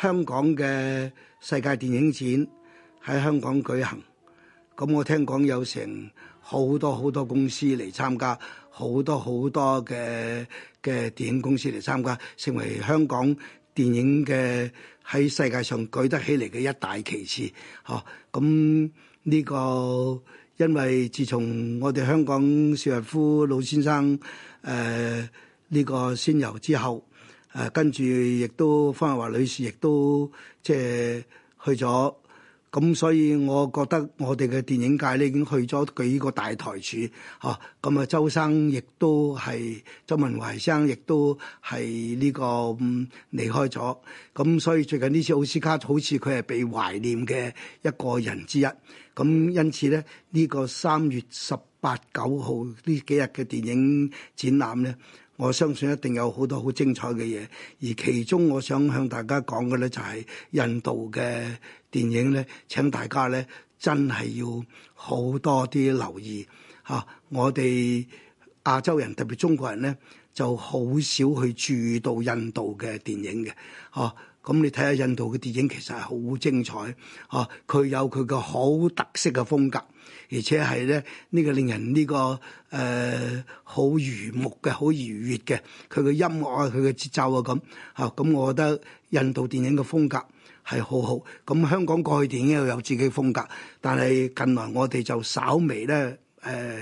香港嘅世界電影展喺香港舉行，咁我聽講有成好多好多公司嚟參加，好多好多嘅嘅電影公司嚟參加，成為香港電影嘅喺世界上舉得起嚟嘅一大旗幟嚇，咁呢、這個因為自從我哋香港邵逸夫老先生誒呢、呃這個仙遊之後。誒跟住亦都方逸華女士亦都即係去咗，咁所以我覺得我哋嘅電影界咧已經去咗幾個大台柱，嚇咁啊鄒生亦都係鄒文懷生亦都係呢個離開咗，咁所以最近呢次奧斯卡好似佢係被懷念嘅一個人之一，咁因此咧呢個三月十八九號呢幾日嘅電影展覽咧。我相信一定有好多好精彩嘅嘢，而其中我想向大家講嘅咧就係印度嘅電影咧，請大家咧真係要好多啲留意吓，啊，我哋亞洲人特別中國人咧，就好少去注意到印度嘅電影嘅，吓，啊，咁你睇下印度嘅電影其實，係好精彩，嚇，啊，佢有佢嘅好特色嘅風格。而且係咧呢個令人呢、呢個誒好愉目嘅、好愉悅嘅，佢嘅音樂啊、佢嘅節奏啊咁嚇，咁、嗯、我覺得印度電影嘅風格係好好，咁、嗯、香港過去電影又有自己嘅風格，但係近來我哋就稍微咧誒、呃、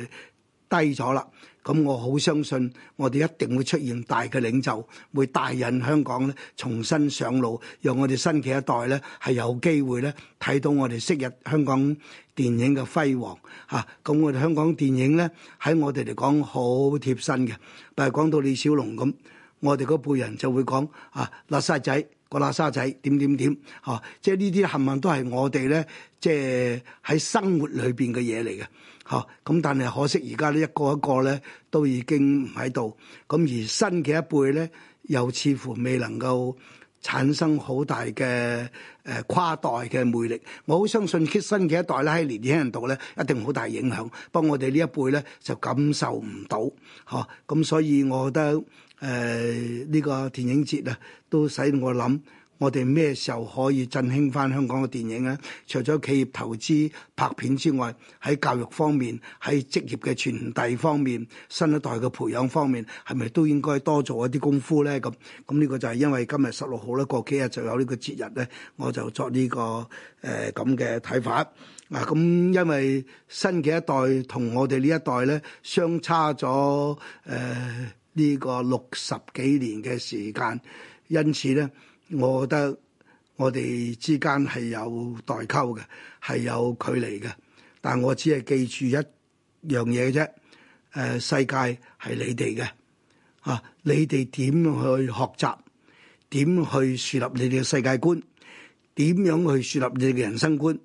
低咗啦。咁我好相信，我哋一定會出現大嘅領袖，會帶引香港咧重新上路，讓我哋新嘅一代咧係有機會咧睇到我哋昔日香港電影嘅輝煌嚇。咁、啊、我哋香港電影咧喺我哋嚟講好貼身嘅，但係講到李小龍咁，我哋嗰輩人就會講啊垃圾仔。個垃圾仔點點點，哦！即係呢啲冚唪唥都係我哋咧，即係喺生活裏邊嘅嘢嚟嘅，嚇咁。但係可惜而家呢一個一個咧都已經唔喺度，咁而新嘅一輩咧又似乎未能夠產生好大嘅誒跨代嘅魅力。我好相信新嘅一代咧喺年輕人度咧一定好大影響，不過我哋呢一輩咧就感受唔到，嚇咁、嗯。所以我覺得。誒呢個電影節啊，都使我諗，我哋咩時候可以振興翻香港嘅電影咧？除咗企業投資拍片之外，喺教育方面、喺職業嘅傳遞方面、新一代嘅培養方面，係咪都應該多做一啲功夫咧？咁咁呢個就係因為今日十六號咧，過幾日就有呢個節日咧，我就作呢個誒咁嘅睇法。啊，咁因為新嘅一代同我哋呢一代咧，相差咗誒。呃呢個六十幾年嘅時間，因此咧，我覺得我哋之間係有代溝嘅，係有距離嘅。但我只係記住一樣嘢啫。誒，世界係你哋嘅，嚇！你哋點去學習？點去樹立你哋嘅世界觀？點樣去樹立你哋嘅人生觀？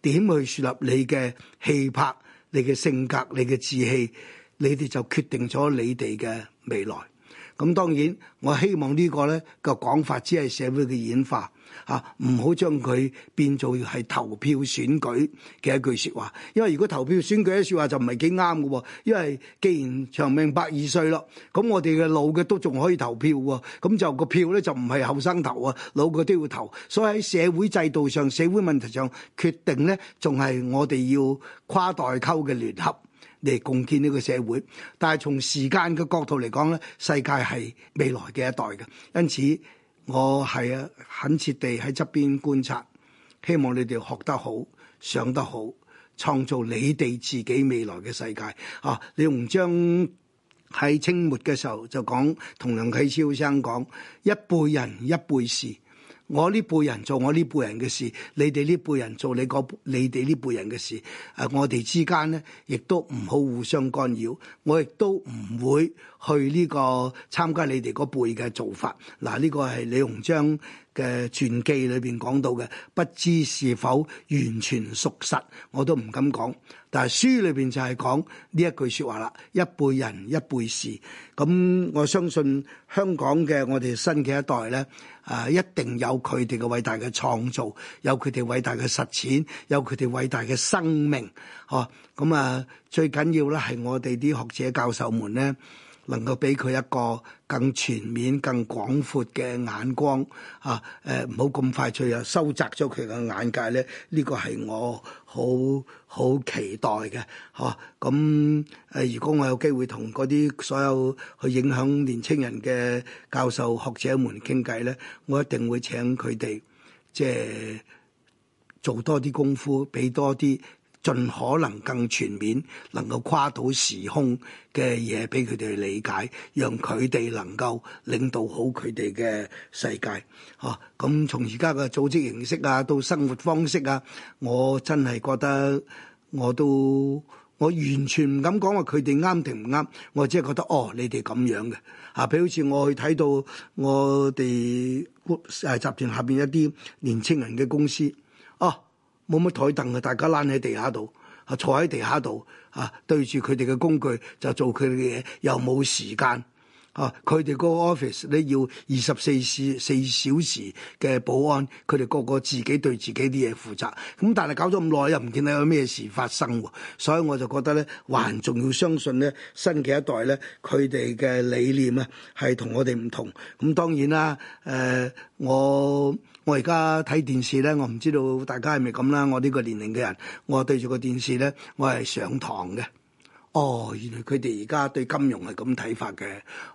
點去樹立你嘅氣魄、你嘅性格、你嘅志氣？你哋就決定咗你哋嘅未來。咁當然，我希望呢個呢、呢個講法只係社會嘅演化啊，唔好將佢變做係投票選舉嘅一句説話。因為如果投票選舉一説話就唔係幾啱嘅喎。因為既然長命百二歲啦，咁我哋嘅老嘅都仲可以投票喎，咁就個票呢，就唔係後生投啊，老嘅都要投。所以喺社會制度上、社會問題上，決定呢，仲係我哋要跨代溝嘅聯合。嚟共建呢個社會，但係從時間嘅角度嚟講咧，世界係未來嘅一代嘅，因此我係啊，懇切地喺側邊觀察，希望你哋學得好、想得好、創造你哋自己未來嘅世界啊！李鴻章喺清末嘅時候就講同梁啟超生講一輩人一輩事。我呢輩人做我呢輩人嘅事，你哋呢輩人做你個，你哋呢輩人嘅事，誒、啊，我哋之間咧，亦都唔好互相干擾，我亦都唔會去呢個參加你哋嗰輩嘅做法。嗱、啊，呢個係李鴻章嘅傳記裏邊講到嘅，不知是否完全屬實，我都唔敢講。但係書裏邊就係講呢一句説話啦，一輩人一輩事。咁我相信香港嘅我哋新嘅一代咧，啊，一定有佢哋嘅偉大嘅創造，有佢哋偉大嘅實踐，有佢哋偉大嘅生命，呵。咁啊，最緊要咧係我哋啲學者教授們咧。能夠俾佢一個更全面、更廣闊嘅眼光，嚇、啊、誒，唔好咁快脆又收窄咗佢嘅眼界咧。呢、這個係我好好期待嘅，嚇、啊。咁誒、呃，如果我有機會同嗰啲所有去影響年青人嘅教授學者們傾偈咧，我一定會請佢哋即係做多啲功夫，俾多啲。盡可能更全面，能夠跨到時空嘅嘢俾佢哋理解，讓佢哋能夠領導好佢哋嘅世界。嚇、啊，咁、嗯、從而家嘅組織形式啊，到生活方式啊，我真係覺得我都我完全唔敢講話佢哋啱定唔啱，我只係覺得哦，你哋咁樣嘅嚇、啊，譬如好似我去睇到我哋誒、啊、集團下邊一啲年輕人嘅公司哦。啊。冇乜枱凳嘅，大家攬喺地下度，坐喺地下度，啊，對住佢哋嘅工具就做佢哋嘅嘢，又冇時間，啊，佢哋個 office 咧要二十四小四小時嘅保安，佢哋個個自己對自己啲嘢負責。咁、嗯、但係搞咗咁耐，又唔見得有咩事發生喎。所以我就覺得咧，還仲要相信咧，新嘅一代咧，佢哋嘅理念啊，係同我哋唔同。咁、嗯、當然啦，誒、呃、我。我而家睇電視咧，我唔知道大家係咪咁啦。我呢個年齡嘅人，我對住個電視咧，我係上堂嘅。哦，原來佢哋而家對金融係咁睇法嘅。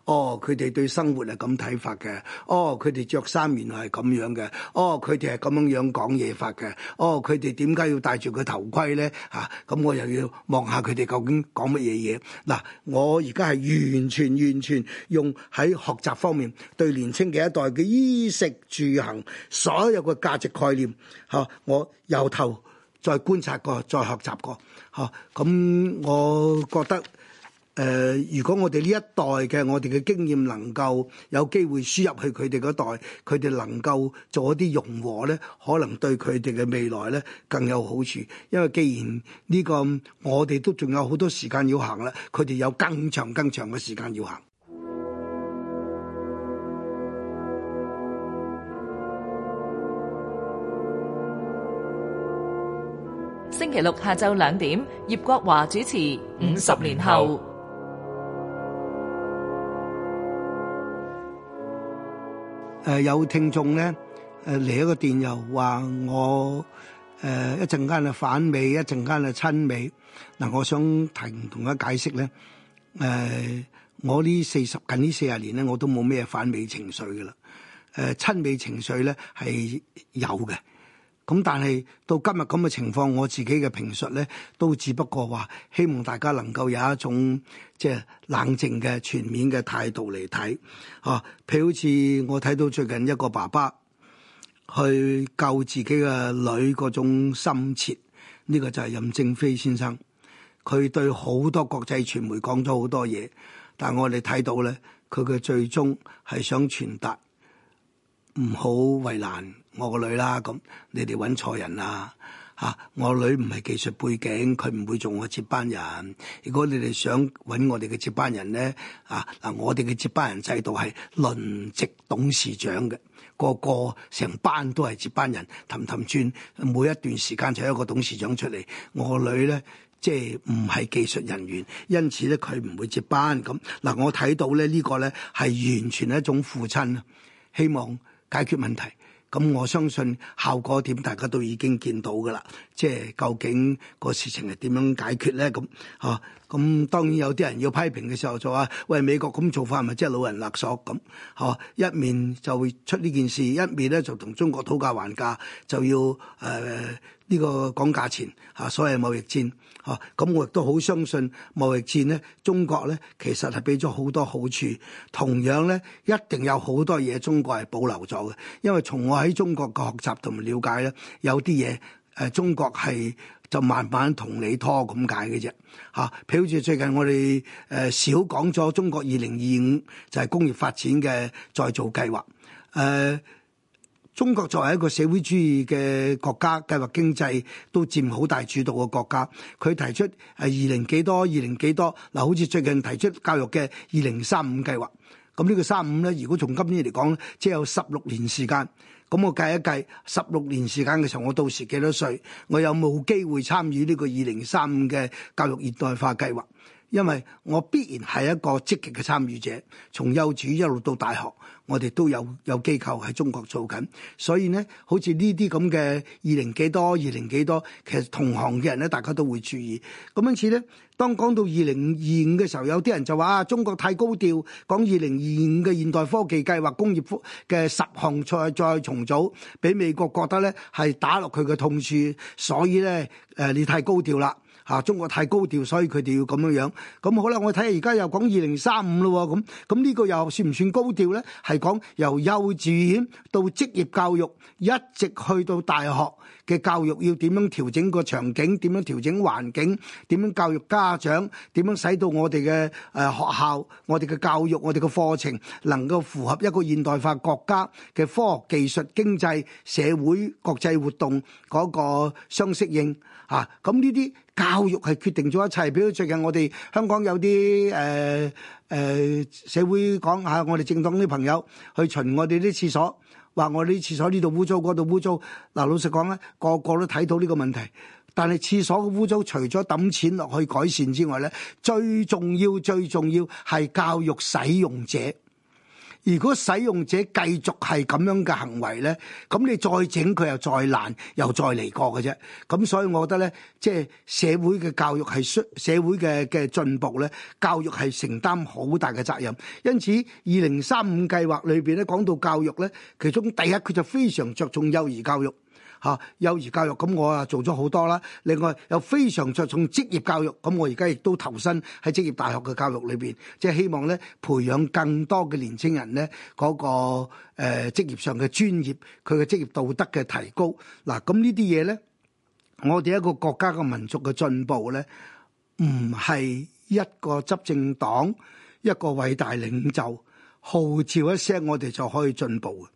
哦，佢哋對生活係咁睇法嘅。哦，佢哋着衫原來係咁樣嘅。哦，佢哋係咁樣樣講嘢法嘅。哦，佢哋點解要戴住個頭盔咧？嚇、啊，咁我又要望下佢哋究竟講乜嘢嘢？嗱、啊，我而家係完全完全用喺學習方面對年青嘅一代嘅衣食住行所有嘅價值概念，嚇、啊，我由頭。再觀察過，再學習過，吓，咁，我覺得誒、呃、如果我哋呢一代嘅我哋嘅經驗能夠有機會輸入去佢哋嗰代，佢哋能夠做一啲融合咧，可能對佢哋嘅未來咧更有好處，因為既然呢、這個我哋都仲有好多時間要行啦，佢哋有更長更長嘅時間要行。星期六下晝兩點，葉國華主持《五十年後》。誒，有聽眾咧，誒、uh, 嚟一個電郵話我誒，一陣間啊反美，一陣間啊親美。嗱，我想提同佢解釋咧，誒、uh,，我呢四十近呢四十年咧，我都冇咩反美情緒噶啦，誒，親美情緒咧係有嘅。咁但係到今日咁嘅情況，我自己嘅評述咧，都只不過話希望大家能夠有一種即係冷靜嘅全面嘅態度嚟睇，啊，譬如好似我睇到最近一個爸爸去救自己嘅女嗰種心切，呢個就係任正非先生，佢對好多國際傳媒講咗好多嘢，但係我哋睇到咧，佢嘅最終係想傳達唔好為難。我個女啦，咁你哋揾錯人啦，吓，我個女唔係技術背景，佢唔會做我接班人。如果你哋想揾我哋嘅接班人咧，啊嗱，我哋嘅接班人制度係輪值董事長嘅，個個成班都係接班人，氹氹轉，每一段時間就有一個董事長出嚟。我個女咧，即係唔係技術人員，因此咧，佢唔會接班。咁嗱，我睇到咧，呢個咧係完全一種父親，希望解決問題。咁我相信效果點大家都已經見到噶啦。即係究竟個事情係點樣解決咧？咁吓。咁當然有啲人要批評嘅時候就話：喂，美國咁做法係咪即係老人勒索咁？哦，一面就會出呢件事，一面咧就同中國討價還價，就要誒呢、呃呢個講價錢嚇，所謂貿易戰。哦，咁我亦都好相信貿易戰咧，中國咧其實係俾咗好多好處，同樣咧一定有好多嘢中國係保留咗嘅，因為從我喺中國嘅學習同埋了解咧，有啲嘢誒中國係。就慢慢同你拖咁解嘅啫，吓，譬如好似最近我哋誒少講咗中國二零二五就係工業發展嘅再造計劃，誒、呃，中國作為一個社會主義嘅國家，計劃經濟都佔好大主導嘅國家，佢提出係二零幾多、二零幾多，嗱，好似最近提出教育嘅二零三五計劃。咁呢個三五咧，如果從今年嚟講，只有十六年時間，咁我計一計，十六年時間嘅時候，我到時幾多歲，我有冇機會參與呢個二零三五嘅教育現代化計劃？因為我必然係一個積極嘅參與者，從幼稚一路到大學，我哋都有有機構喺中國做緊，所以呢，好似呢啲咁嘅二零幾多、二零幾多，其實同行嘅人咧，大家都會注意。咁因此呢，當講到二零二五嘅時候，有啲人就話，啊，中國太高調講二零二五嘅現代科技計劃工業嘅十項再再重組，俾美國覺得呢係打落佢嘅痛處，所以呢，誒，呃，你太高調啦。嚇！中國太高調，所以佢哋要咁樣樣。咁好啦，我睇下而家又講二零三五咯喎，咁咁呢個又算唔算高調呢？係講由幼稚園到職業教育，一直去到大學。嘅教育要點樣調整個場景？點樣調整環境？點樣教育家長，點樣使到我哋嘅誒學校、我哋嘅教育、我哋嘅課程能夠符合一個現代化國家嘅科學技術、經濟社會、國際活動嗰個相適應嚇？咁呢啲教育係決定咗一切。比如最近我哋香港有啲誒誒社會講下，我哋政黨啲朋友去巡我哋啲廁所。話我啲廁所呢度污糟，嗰度污糟。嗱，老實講咧，個個個都睇到呢個問題。但係廁所嘅污糟，除咗抌錢落去改善之外咧，最重要最重要係教育使用者。如果使用者繼續係咁樣嘅行為咧，咁你再整佢又再爛，又再嚟過嘅啫。咁所以，我覺得咧，即係社會嘅教育係需社會嘅嘅進步咧，教育係承擔好大嘅責任。因此，二零三五計劃裏邊咧，講到教育咧，其中第一佢就非常着重幼兒教育。吓，幼兒教育，咁我啊做咗好多啦。另外又非常着重職業教育，咁我而家亦都投身喺職業大學嘅教育裏邊，即係希望咧培養更多嘅年青人咧嗰個，誒，職業上嘅專業，佢嘅職業道德嘅提高。嗱，咁呢啲嘢咧，我哋一個國家嘅民族嘅進步咧，唔係一個執政黨一個偉大領袖號召一聲我哋就可以進步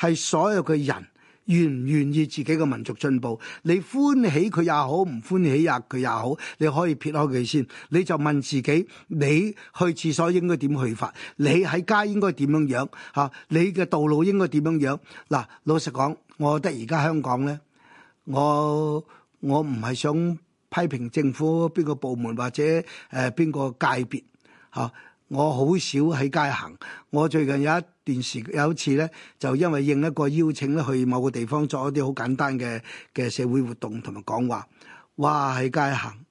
嘅，係所有嘅人。願唔願意自己嘅民族進步？你歡喜佢也好，唔歡喜呀佢也好，你可以撇開佢先。你就問自己：你去廁所應該點去法？你喺街應該點樣樣？吓、啊，你嘅道路應該點樣樣？嗱、啊，老實講，我覺得而家香港咧，我我唔係想批評政府邊個部門或者誒邊、呃、個界別吓。啊我好少喺街行，我最近有一段時有一次咧，就因為應一個邀請咧，去某個地方做一啲好簡單嘅嘅社會活動同埋講話，哇！喺街行。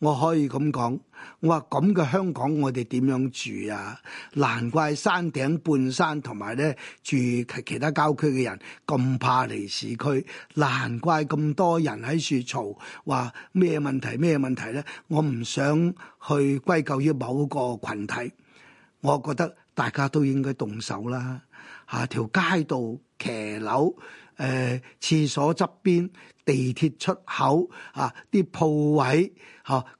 我可以咁講，我話咁嘅香港，我哋點樣住啊？難怪山頂半山同埋咧住其他郊區嘅人咁怕離市區，難怪咁多人喺處嘈話咩問題咩問題咧？我唔想去歸咎於某個群體，我覺得大家都應該動手啦。嚇、啊，條街道、騎樓、誒、呃、廁所側邊、地鐵出口啊，啲鋪位。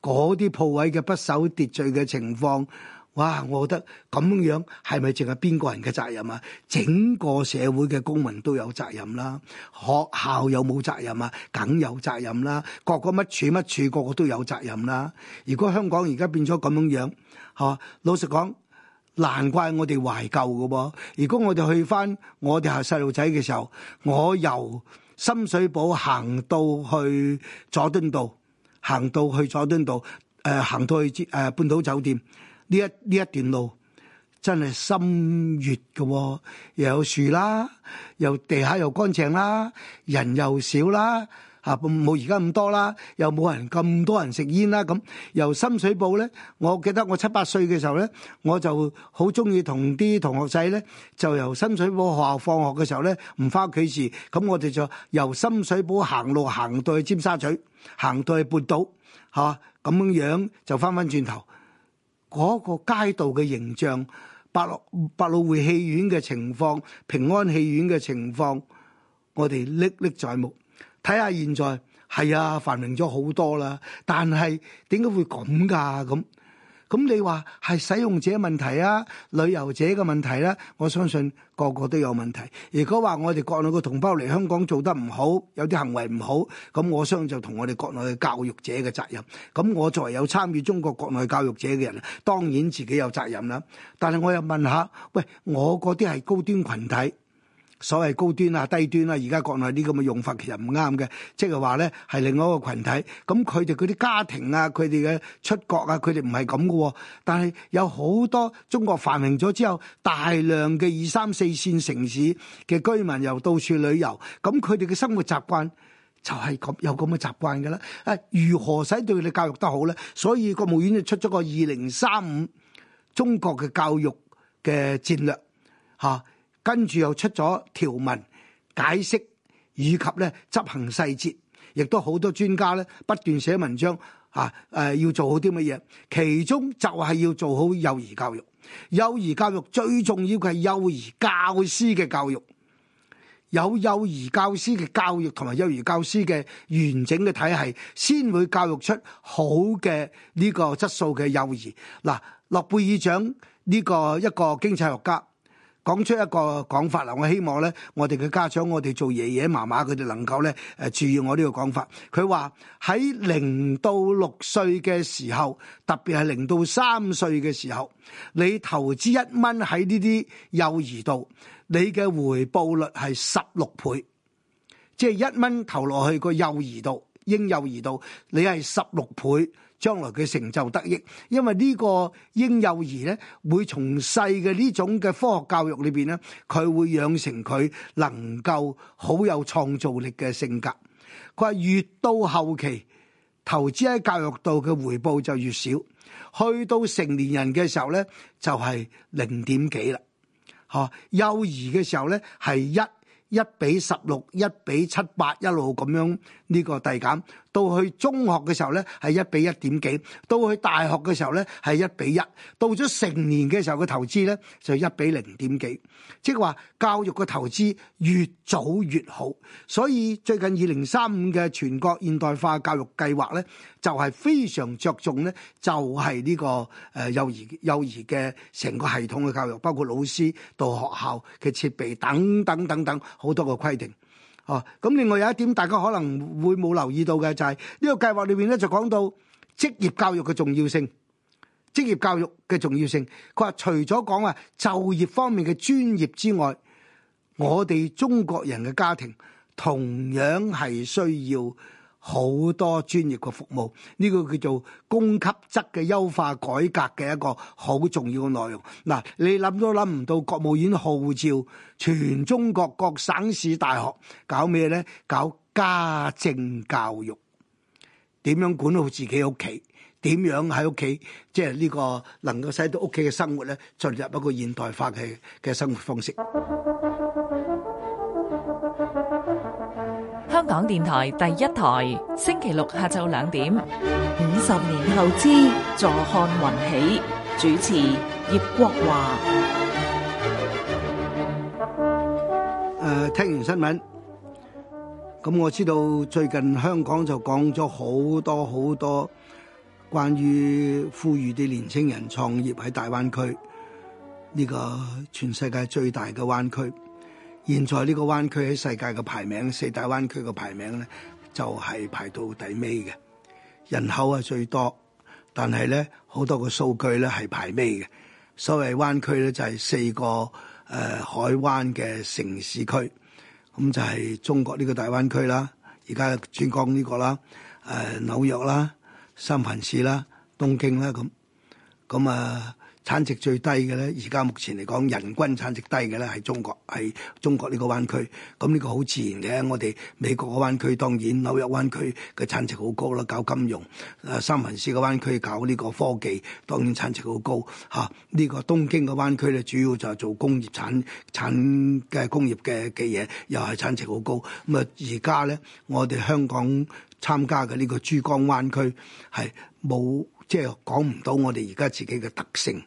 嗰啲鋪位嘅不守秩序嘅情況，哇！我覺得咁樣係咪淨係邊個人嘅責任啊？整個社會嘅公民都有責任啦、啊。學校有冇責任啊？梗有責任啦、啊。各個乜處乜處，個個都有責任啦、啊。如果香港而家變咗咁樣樣，嚇、哦！老實講，難怪我哋懷舊嘅噃。如果我哋去返我哋係細路仔嘅時候，我由深水埗行到去佐敦道。行到去佐敦道，誒、呃，行到去誒、呃、半島酒店，呢一呢一段路真係心悅嘅喎，又有樹啦，又地下又乾淨啦，人又少啦。啊！冇而家咁多啦，又冇人咁多人食煙啦。咁由深水埗咧，我記得我七八歲嘅時候咧，我就好中意同啲同學仔咧，就由深水埗學校放學嘅時候咧，唔返屋企時，咁我哋就由深水埗行路行到去尖沙咀，行到去半島，吓咁樣樣就翻翻轉頭，嗰個街道嘅形象，百老百老匯戲院嘅情況，平安戲院嘅情況，我哋歷歷在目。睇下現在係啊，繁榮咗好多啦。但係點解會咁㗎？咁咁你話係使用者問題啊，旅遊者嘅問題咧、啊？我相信個個都有問題。如果話我哋國內嘅同胞嚟香港做得唔好，有啲行為唔好，咁我相信就同我哋國內嘅教育者嘅責任。咁我作為有參與中國國內教育者嘅人，當然自己有責任啦。但係我又問下，喂，我嗰啲係高端群體。所謂高端啊、低端啊，而家國內啲咁嘅用法其實唔啱嘅，即係話咧係另外一個群體。咁佢哋嗰啲家庭啊，佢哋嘅出國啊，佢哋唔係咁嘅喎。但係有好多中國繁榮咗之後，大量嘅二三四線城市嘅居民又到處旅遊，咁佢哋嘅生活習慣就係咁有咁嘅習慣㗎啦。誒，如何使對佢哋教育得好咧？所以國務院就出咗個二零三五中國嘅教育嘅戰略嚇。啊。跟住又出咗條文解釋，以及咧執行細節，亦都好多專家咧不斷寫文章嚇，誒、啊呃、要做好啲乜嘢？其中就係要做好幼兒教育。幼兒教育最重要嘅係幼兒教師嘅教育，有幼兒教師嘅教育同埋幼兒教師嘅完整嘅體系，先會教育出好嘅呢個質素嘅幼兒。嗱，諾貝爾獎呢個一個經濟學家。講出一個講法啦，我希望咧，我哋嘅家長，我哋做爺爺嫲嫲，佢哋能夠咧誒注意我呢個講法。佢話喺零到六歲嘅時候，特別係零到三歲嘅時候，你投資一蚊喺呢啲幼兒度，你嘅回報率係十六倍，即係一蚊投落去個幼兒度、嬰幼兒度，你係十六倍。將來佢成就得益，因為呢個嬰幼兒咧，會從細嘅呢種嘅科學教育裏邊咧，佢會養成佢能夠好有創造力嘅性格。佢話越到後期投資喺教育度嘅回報就越少，去到成年人嘅時候咧就係、是、零點幾啦，吓、啊，幼兒嘅時候咧係一一比十六、一比七八一路咁樣呢、這個遞減。到去中學嘅時候咧，係一比一點幾；到去大學嘅時候咧，係一比一；到咗成年嘅時候嘅投資咧，就一比零點幾。即係話教育嘅投資越早越好，所以最近二零三五嘅全國現代化教育計劃咧，就係、是、非常着重咧，就係、是、呢、這個誒、呃、幼兒、幼兒嘅成個系統嘅教育，包括老師到學校嘅設備等等等等好多嘅規定。哦，咁另外有一點，大家可能會冇留意到嘅就係呢個計劃裏面咧，就講到職業教育嘅重要性，職業教育嘅重要性。佢話除咗講話就業方面嘅專業之外，我哋中國人嘅家庭同樣係需要。好多專業嘅服務，呢個叫做供給側嘅優化改革嘅一個好重要嘅內容。嗱，你諗都諗唔到，國務院號召全中國各省市大學搞咩咧？搞家政教育，點樣管好自己屋企？點樣喺屋企？即係呢個能夠使到屋企嘅生活咧，進入一個現代化嘅嘅生活方式。香港電台第一台，星期六下晝兩點。五十年投資，坐看雲起。主持葉國華。誒，聽完新聞，咁我知道最近香港就講咗好多好多關於呼籲啲年青人創業喺大灣區呢個全世界最大嘅灣區。現在呢個灣區喺世界嘅排名，四大灣區嘅排名咧就係排到底尾嘅，人口係最多，但係咧好多個數據咧係排尾嘅。所謂灣區咧就係四個誒、呃、海灣嘅城市區，咁就係中國呢個大灣區啦，而家珠江呢個啦，誒、呃、紐約啦、三藩市啦、東京啦咁，咁啊。產值最低嘅咧，而家目前嚟講，人均產值低嘅咧係中國，係中國呢個灣區。咁呢個好自然嘅，我哋美國個灣區當然紐約灣區嘅產值好高啦，搞金融；誒，三藩市個灣區搞呢個科技，當然產值好高。嚇、啊，呢、呢個東京個灣區咧，主要就係做工業產產嘅工業嘅嘅嘢，又係產值好高。咁啊，而家咧，我哋香港參加嘅呢個珠江灣區係冇即係講唔到我哋而家自己嘅特性。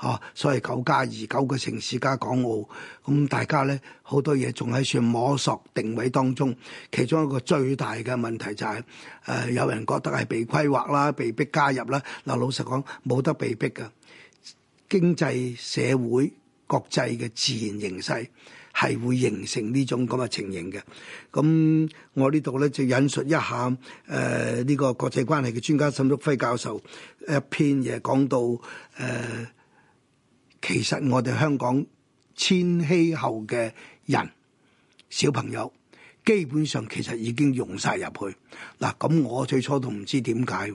嚇，oh, 所以九加二九個城市加港澳，咁大家咧好多嘢仲喺算摸索定位當中。其中一個最大嘅問題就係、是，誒、呃、有人覺得係被規劃啦、被逼加入啦。嗱，老實講冇得被逼㗎，經濟社會國際嘅自然形勢係會形成呢種咁嘅情形嘅。咁我呢度咧就引述一下誒呢、呃這個國際關係嘅專家沈旭輝教授一篇嘢講到誒。呃其實我哋香港千禧後嘅人小朋友，基本上其實已經融晒入去。嗱，咁我最初都唔知點解。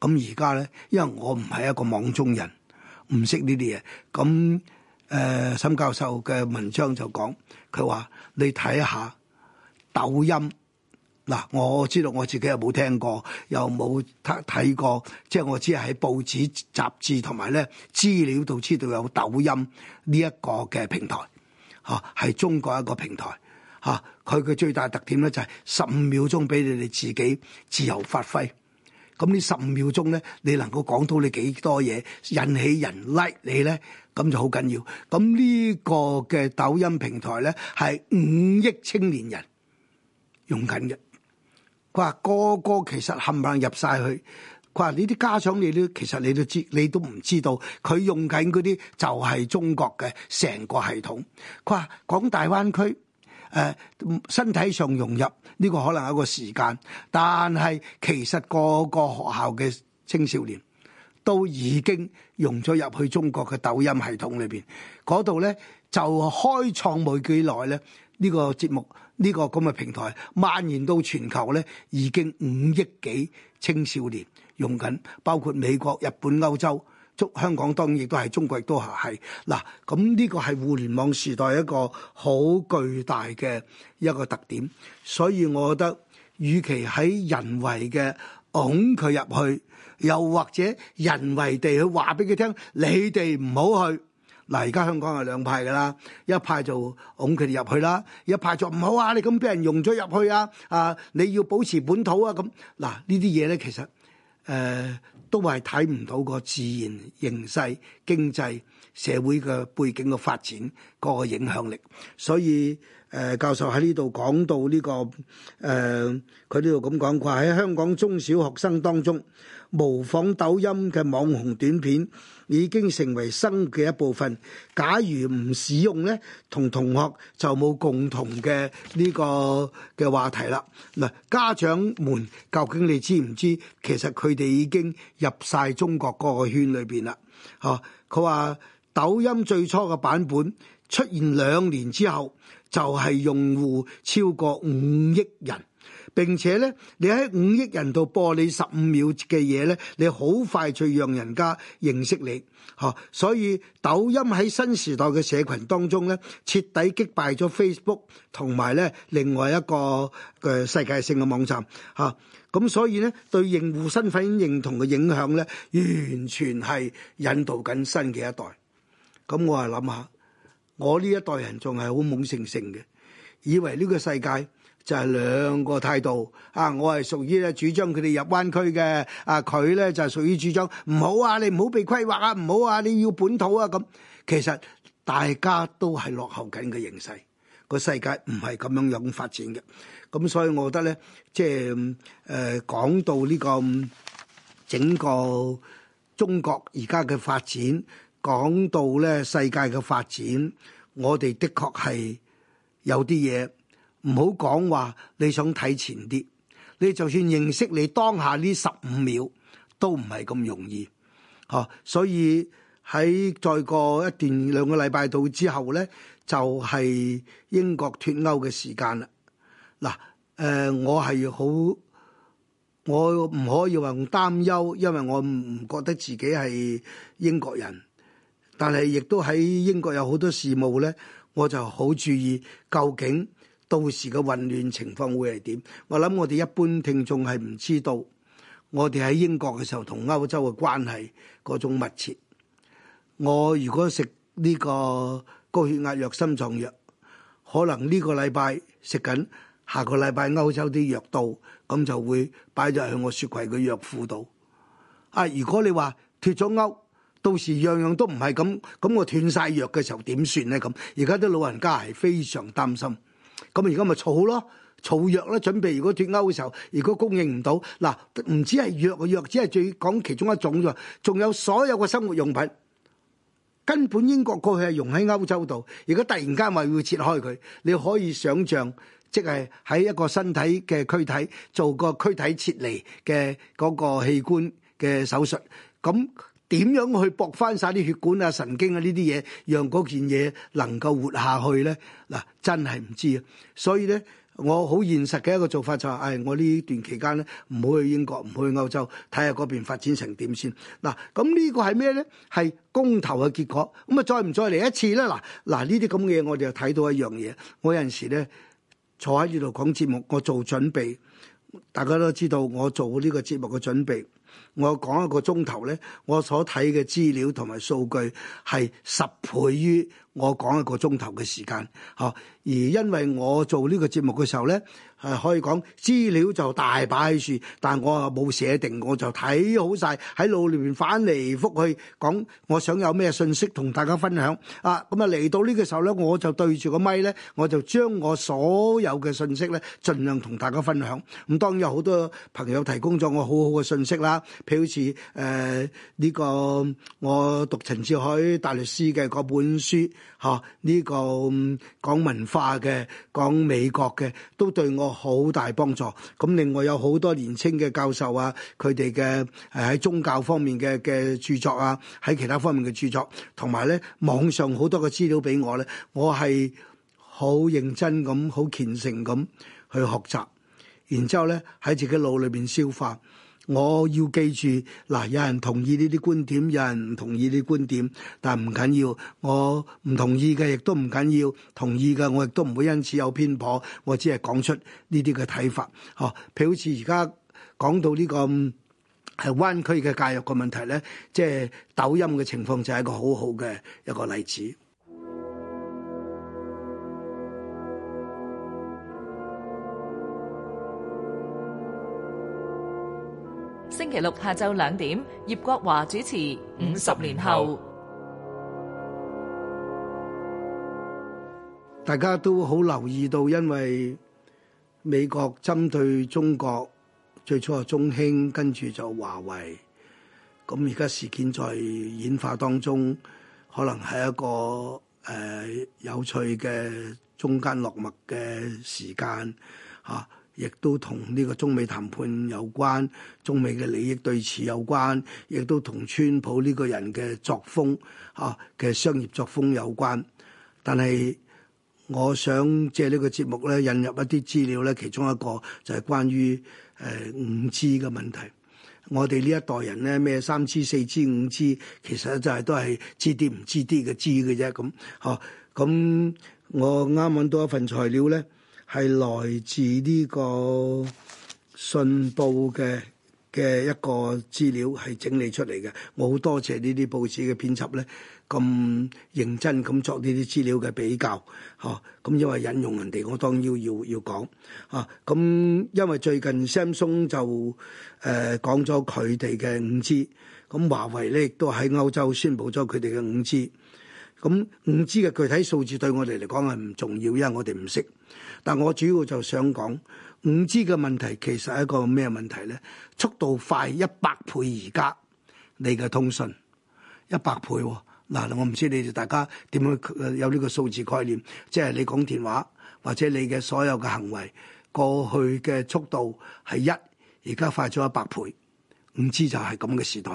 咁而家咧，因為我唔係一個網中人，唔識呢啲嘢。咁誒、呃，沈教授嘅文章就講，佢話你睇下抖音。嗱，我知道我自己又冇聽過，又冇睇睇過，即係我只係喺報紙、雜誌同埋咧資料度知道有抖音呢一個嘅平台，嚇係中國一個平台，嚇佢嘅最大特點咧就係十五秒鐘俾你哋自己自由發揮。咁呢十五秒鐘咧，你能夠講到你幾多嘢，引起人 like 你咧，咁就好緊要。咁呢個嘅抖音平台咧，係五億青年人用緊嘅。佢話個個其實冚唪唥入晒去，佢話呢啲家長你都其實你都知你都唔知道，佢用緊嗰啲就係中國嘅成個系統。佢話講大灣區，誒、呃、身體上融入呢個可能有一個時間，但係其實個個學校嘅青少年都已經融咗入去中國嘅抖音系統裏邊，嗰度咧就開創冇幾耐咧呢個節目。呢個咁嘅平台蔓延到全球咧，已經五億幾青少年用緊，包括美國、日本、歐洲，中香港當然亦都係中國亦都係。嗱，咁呢個係互聯網時代一個好巨大嘅一個特點，所以我覺得，與其喺人為嘅拱佢入去，又或者人為地去話俾佢聽，你哋唔好去。嗱，而家香港係兩派噶啦，一派就拱佢哋入去啦，一派就唔好啊！你咁俾人融咗入去啊，啊！你要保持本土啊咁。嗱、啊，呢啲嘢咧，其實誒、呃、都係睇唔到個自然形勢、經濟、社會嘅背景嘅發展嗰個影響力。所以誒、呃，教授喺呢度講到呢、呢個誒，佢呢度咁講佢話喺香港中小學生當中。模仿抖音嘅網紅短片已經成為新嘅一部分。假如唔使用咧，同同學就冇共同嘅呢個嘅話題啦。嗱，家長們究竟你知唔知？其實佢哋已經入晒中國嗰個圈裏邊啦。吓、啊，佢話抖音最初嘅版本出現兩年之後就係、是、用戶超過五億人。並且咧，你喺五億人度播你十五秒嘅嘢咧，你好快就讓人家認識你，吓。所以抖音喺新時代嘅社群當中咧，徹底擊敗咗 Facebook 同埋咧另外一個嘅世界性嘅網站，吓。咁所以咧，對用戶身份認同嘅影響咧，完全係引導緊新嘅一代。咁我係諗下，我呢一代人仲係好懵盛盛嘅，以為呢個世界。就係兩個態度啊！我係屬於咧主張佢哋入灣區嘅，啊佢咧就係屬於主張唔好啊、就是、啊！你唔好被規劃啊！唔好啊！你要本土啊！咁其實大家都係落後緊嘅形勢，個世界唔係咁樣樣發展嘅。咁所以我覺得咧，即係誒講到呢個整個中國而家嘅發展，講到咧世界嘅發展，我哋的確係有啲嘢。唔好講話你想睇前啲，你就算認識你當下呢十五秒都唔係咁容易，哦。所以喺再過一段兩個禮拜到之後咧，就係、是、英國脫歐嘅時間啦。嗱，誒、呃，我係好，我唔可以用擔憂，因為我唔覺得自己係英國人，但係亦都喺英國有好多事務咧，我就好注意究竟。到時嘅混亂情況會係點？我諗我哋一般聽眾係唔知道，我哋喺英國嘅時候同歐洲嘅關係嗰種密切。我如果食呢個高血壓藥、心臟藥，可能呢個禮拜食緊，下個禮拜歐洲啲藥到，咁就會擺咗去我雪櫃嘅藥庫度。啊、哎，如果你話脫咗歐，到時樣樣都唔係咁，咁我斷晒藥嘅時候點算咧？咁而家啲老人家係非常擔心。咁而家咪儲咯，儲藥咧，準備如果脱歐嘅時候，如果供應唔到，嗱，唔止係藥嘅藥，只係最講其中一種咋，仲有所有嘅生活用品。根本英國過去係用喺歐洲度，如果突然間話要切開佢，你可以想像，即係喺一個身體嘅軀體做個軀體切離嘅嗰個器官嘅手術，咁。點樣去搏翻晒啲血管啊、神經啊呢啲嘢，讓嗰件嘢能夠活下去咧？嗱，真係唔知啊！所以咧，我好現實嘅一個做法就係，唉，我呢段期間咧，唔好去英國，唔好去歐洲，睇下嗰邊發展成點先。嗱，咁呢個係咩咧？係公投嘅結果。咁啊，再唔再嚟一次咧？嗱，嗱呢啲咁嘅嘢，我哋又睇到一樣嘢。我有陣時咧，坐喺呢度講節目，我做準備。大家都知道我做呢個節目嘅準備。我講一個鐘頭咧，我所睇嘅資料同埋數據係十倍於我講一個鐘頭嘅時間，嚇。而因為我做呢個節目嘅時候咧，係可以講資料就大把喺處，但係我冇寫定，我就睇好曬喺腦入邊，翻嚟覆去講，我想有咩信息同大家分享啊。咁啊，嚟到呢個時候咧，我就對住個咪咧，我就將我所有嘅信息咧，盡量同大家分享。咁當然有好多朋友提供咗我好好嘅信息啦。譬如好似誒呢個我讀陳志海大律師嘅嗰本書，嚇，呢個講文化嘅、講美國嘅，都對我好大幫助。咁另外有好多年青嘅教授啊，佢哋嘅誒喺宗教方面嘅嘅著作啊，喺其他方面嘅著作，同埋咧網上好多嘅資料俾我咧，我係好認真咁、好虔誠咁去學習，然之後咧喺自己腦裏邊消化。我要記住，嗱，有人同意呢啲觀點，有人唔同意呢啲觀點，但唔緊要。我唔同意嘅亦都唔緊要，同意嘅我亦都唔會因此有偏頗。我只係講出呢啲嘅睇法，呵。譬如好似而家講到呢個係灣區嘅教育個問題咧，即係抖音嘅情況就係一個好好嘅一個例子。第六下晝兩點，葉國華主持《五十年後》。大家都好留意到，因為美國針對中國，最初係中興，跟住就華為。咁而家事件在演化當中，可能係一個誒、呃、有趣嘅中間落墨嘅時間，吓、啊。亦都同呢個中美談判有關，中美嘅利益對峙有關，亦都同川普呢個人嘅作風，嚇、啊、嘅商業作風有關。但係我想借個節呢個節目咧，引入一啲資料咧，其中一個就係關於誒五 G 嘅問題。我哋呢一代人咧，咩三 G、四 G、五 G，其實就係都係知啲唔知啲嘅知嘅啫咁，嚇、啊、咁、啊嗯、我啱揾到一份材料咧。係來自呢個信報嘅嘅一個資料係整理出嚟嘅，我好多謝呢啲報紙嘅編輯咧，咁認真咁作呢啲資料嘅比較，嚇、咁因為引用人哋，我當然要要，要講嚇，咁因為最近 Samsung 就誒，呃、講咗佢哋嘅五 G。咁華為咧亦都喺歐洲宣佈咗佢哋嘅五 G。咁、嗯、五 G 嘅具體數字對我哋嚟講係唔重要，因為我哋唔識。但我主要就想講五 G 嘅問題其實係一個咩問題咧？速度快一百倍而家你嘅通訊一百倍、哦。嗱、嗯，我唔知你哋大家點樣有呢個數字概念，即係你講電話或者你嘅所有嘅行為，過去嘅速度係一，而家快咗一百倍。五 G 就係咁嘅時代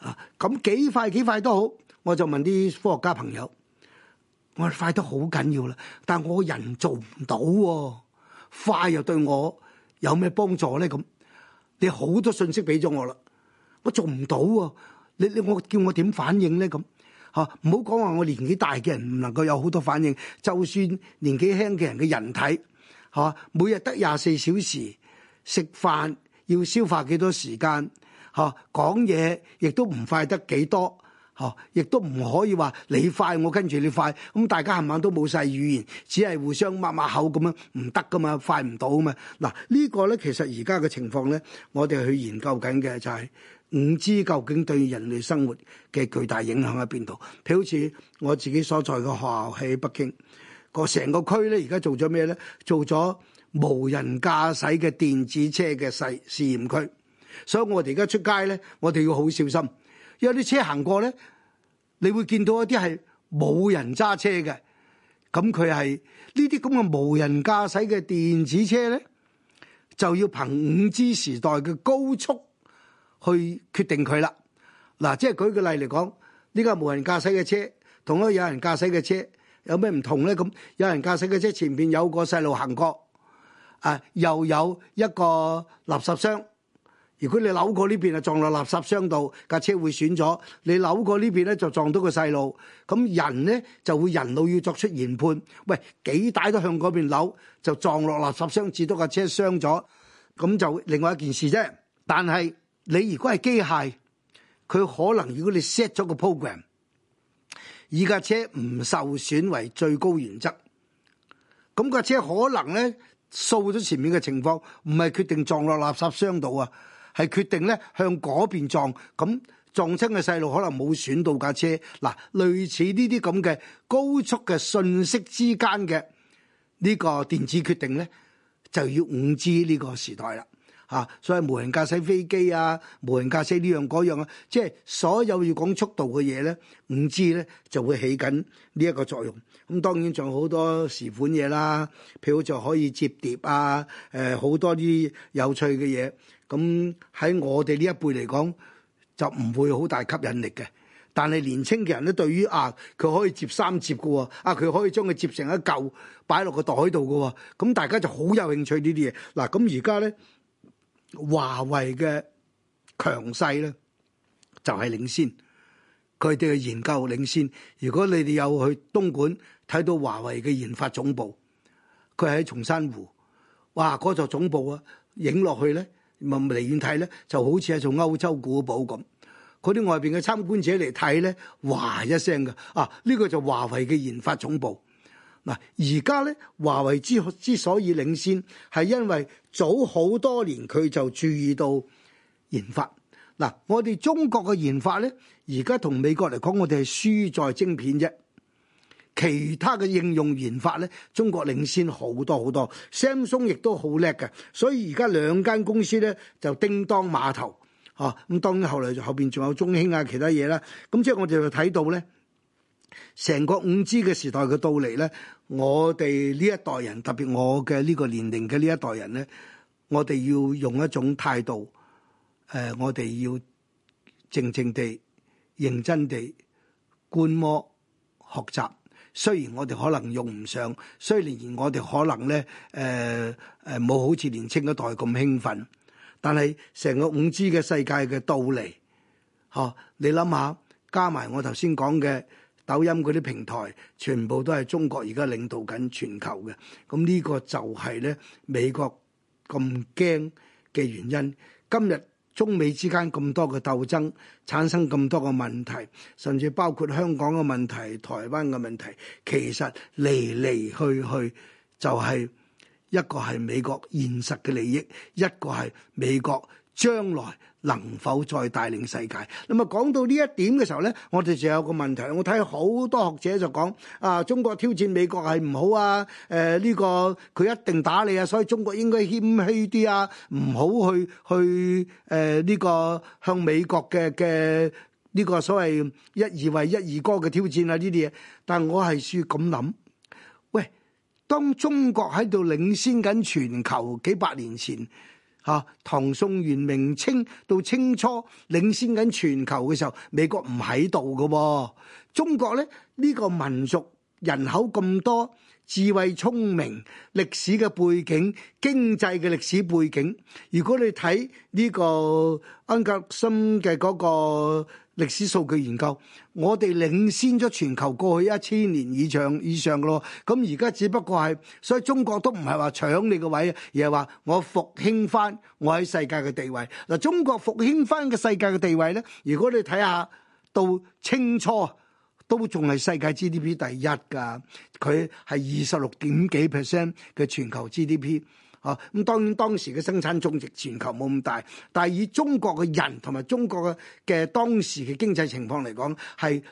啊！咁幾快幾快都好。我就問啲科學家朋友，我哋快得好緊要啦，但我人做唔到喎、啊，快又對我有咩幫助咧？咁你好多信息俾咗我啦，我做唔到啊，你你我叫我點反應咧？咁吓唔好講話我年紀大嘅人唔能夠有好多反應，就算年紀輕嘅人嘅人體吓，每日得廿四小時食飯要消化幾多時間吓，講嘢亦都唔快得幾多。哦、亦都唔可以話你快，我跟住你快，咁、嗯、大家冚唪唥都冇晒語言，只係互相抹抹口咁樣，唔得噶嘛，快唔到嘛。嗱，這個、呢個咧，其實而家嘅情況咧，我哋去研究緊嘅就係 5G 究竟對人類生活嘅巨大影響喺邊度？譬如好似我自己所在嘅學校喺北京，個成個區咧，而家做咗咩咧？做咗無人駕駛嘅電子車嘅試試驗區，所以我哋而家出街咧，我哋要好小心。有啲車行過咧，你會見到一啲係冇人揸車嘅，咁佢係呢啲咁嘅無人駕駛嘅電子車咧，就要憑五 G 時代嘅高速去決定佢啦。嗱、啊，即係舉個例嚟講，呢個無人駕駛嘅車同嗰個有人駕駛嘅車有咩唔同咧？咁有人駕駛嘅車前邊有個細路行過，啊，又有一個垃圾箱。如果你扭過呢邊啊，撞落垃圾箱度，架車會損咗；你扭過呢邊咧，就撞到個細路，咁人咧就會人腦要作出研判。喂，幾大都向嗰邊扭，就撞落垃圾箱，至多架車傷咗，咁就另外一件事啫。但係你如果係機械，佢可能如果你 set 咗個 program，以架車唔受損為最高原則，咁架車可能咧掃咗前面嘅情況，唔係決定撞落垃圾箱度啊。係決定咧向嗰邊撞，咁撞親嘅細路可能冇損到架車。嗱，類似呢啲咁嘅高速嘅信息之間嘅呢個電子決定咧，就要五 G 呢個時代啦。啊！所以無人駕駛飛機啊，無人駕駛呢樣嗰樣啊，即係所有要講速度嘅嘢咧，五 G 咧就會起緊呢一個作用。咁、啊、當然仲有好多時款嘢啦，譬如就可以摺疊啊，誒、啊、好多啲有趣嘅嘢。咁、啊、喺我哋呢一輩嚟講，就唔會好大吸引力嘅。但係年青嘅人咧，對於啊佢可以摺三摺㗎喎，啊佢可以將佢摺成一嚿擺落個袋度㗎喎，咁、啊、大家就好有興趣、啊、呢啲嘢。嗱，咁而家咧。華為嘅強勢咧，就係、是、領先。佢哋嘅研究領先。如果你哋有去東莞睇到華為嘅研發總部，佢喺松山湖，哇！嗰座總部啊，影落去咧，咪離遠睇咧，就好似係座歐洲古堡咁。嗰啲外邊嘅參觀者嚟睇咧，哇一聲嘅啊！呢、這個就華為嘅研發總部。嗱，而家咧，華為之之所以領先，係因為早好多年佢就注意到研發。嗱，我哋中國嘅研發咧，而家同美國嚟講，我哋係輸在晶片啫。其他嘅應用研發咧，中國領先好多好多。Samsung 亦都好叻嘅，所以而家兩間公司咧就叮當馬頭。嚇、啊，咁當然後嚟後邊仲有中興啊，其他嘢啦。咁即係我哋就睇到咧。成個五 G 嘅時代嘅到嚟咧，我哋呢一代人，特別我嘅呢個年齡嘅呢一代人咧，我哋要用一種態度，誒，我哋要靜靜地、認真地觀摩學習。雖然我哋可能用唔上，雖然我哋可能咧，誒、呃、誒，冇好似年青一代咁興奮，但係成個五 G 嘅世界嘅到嚟，吓，你諗下，加埋我頭先講嘅。抖音嗰啲平台全部都係中國而家領導緊全球嘅，咁呢個就係咧美國咁驚嘅原因。今日中美之間咁多嘅鬥爭，產生咁多個問題，甚至包括香港嘅問題、台灣嘅問題，其實嚟嚟去去就係一個係美國現實嘅利益，一個係美國將來。能否再帶領世界？咁啊，講到呢一點嘅時候咧，我哋就有個問題。我睇好多學者就講啊，中國挑戰美國係唔好啊，誒、呃、呢、這個佢一定打你啊，所以中國應該謙虛啲啊，唔好去去誒呢、呃這個向美國嘅嘅呢個所謂一二為一二哥嘅挑戰啊呢啲嘢。但係我係算咁諗，喂，當中國喺度領先緊全球幾百年前。嚇，唐宋元明清到清初，領先緊全球嘅時候，美國唔喺度嘅喎。中國咧，呢、呢個民族人口咁多。智慧、聰明、歷史嘅背景、經濟嘅歷史背景。如果你睇呢個安格森嘅嗰個歷史數據研究，我哋領先咗全球過去一千年以上以上咯。咁而家只不過係，所以中國都唔係話搶你個位，而係話我復興翻我喺世界嘅地位。嗱，中國復興翻嘅世界嘅地位咧，如果你睇下到清初。都仲係世界 GDP 第一㗎，佢係二十六點幾 percent 嘅全球 GDP，啊。哦，咁當然當時嘅生產總值全球冇咁大，但係以中國嘅人同埋中國嘅嘅當時嘅經濟情況嚟講，係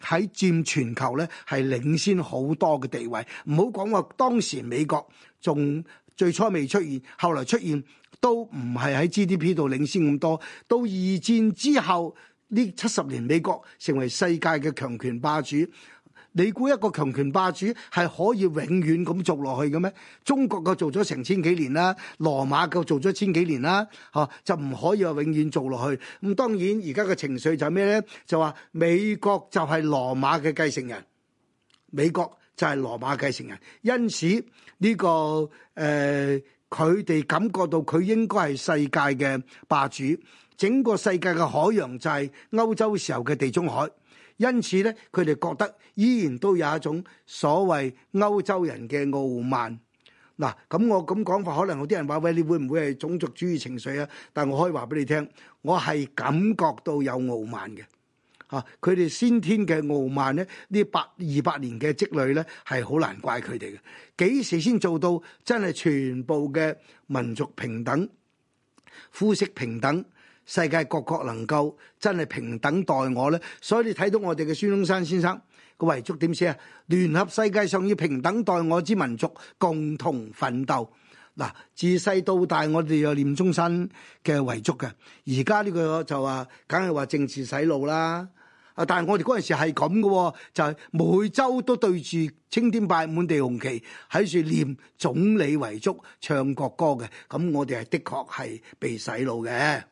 喺佔全球呢係領先好多嘅地位。唔好講話當時美國仲最初未出現，後來出現都唔係喺 GDP 度領先咁多。到二戰之後，呢七十年，美國成為世界嘅強權霸主。你估一個強權霸主係可以永遠咁做落去嘅咩？中國嘅做咗成千幾年啦，羅馬嘅做咗千幾年啦，嚇、啊、就唔可以話永遠做落去。咁、啊、當然而家嘅情緒就係咩呢？就話美國就係羅馬嘅繼承人，美國就係羅馬繼承人。因此呢、這個誒，佢、呃、哋感覺到佢應該係世界嘅霸主。整個世界嘅海洋就係歐洲時候嘅地中海，因此咧，佢哋覺得依然都有一種所謂歐洲人嘅傲慢。嗱，咁我咁講法，可能好啲人話喂，你會唔會係種族主義情緒啊？但我可以話俾你聽，我係感覺到有傲慢嘅。嚇、啊，佢哋先天嘅傲慢咧，呢百二百年嘅積累咧，係好難怪佢哋嘅。幾時先做到真係全部嘅民族平等、膚色平等？世界各國能夠真係平等待我咧，所以你睇到我哋嘅孫中山先生個遺囑點寫啊？聯合世界上以平等待我之民族共同奮鬥。嗱，自細到大我哋有念中山嘅遺囑嘅，而家呢個就話梗係話政治洗腦啦。啊，但係我哋嗰陣時係咁嘅，就係每週都對住青天白日滿地紅旗喺處念總理遺囑、唱國歌嘅，咁我哋係的確係被洗腦嘅。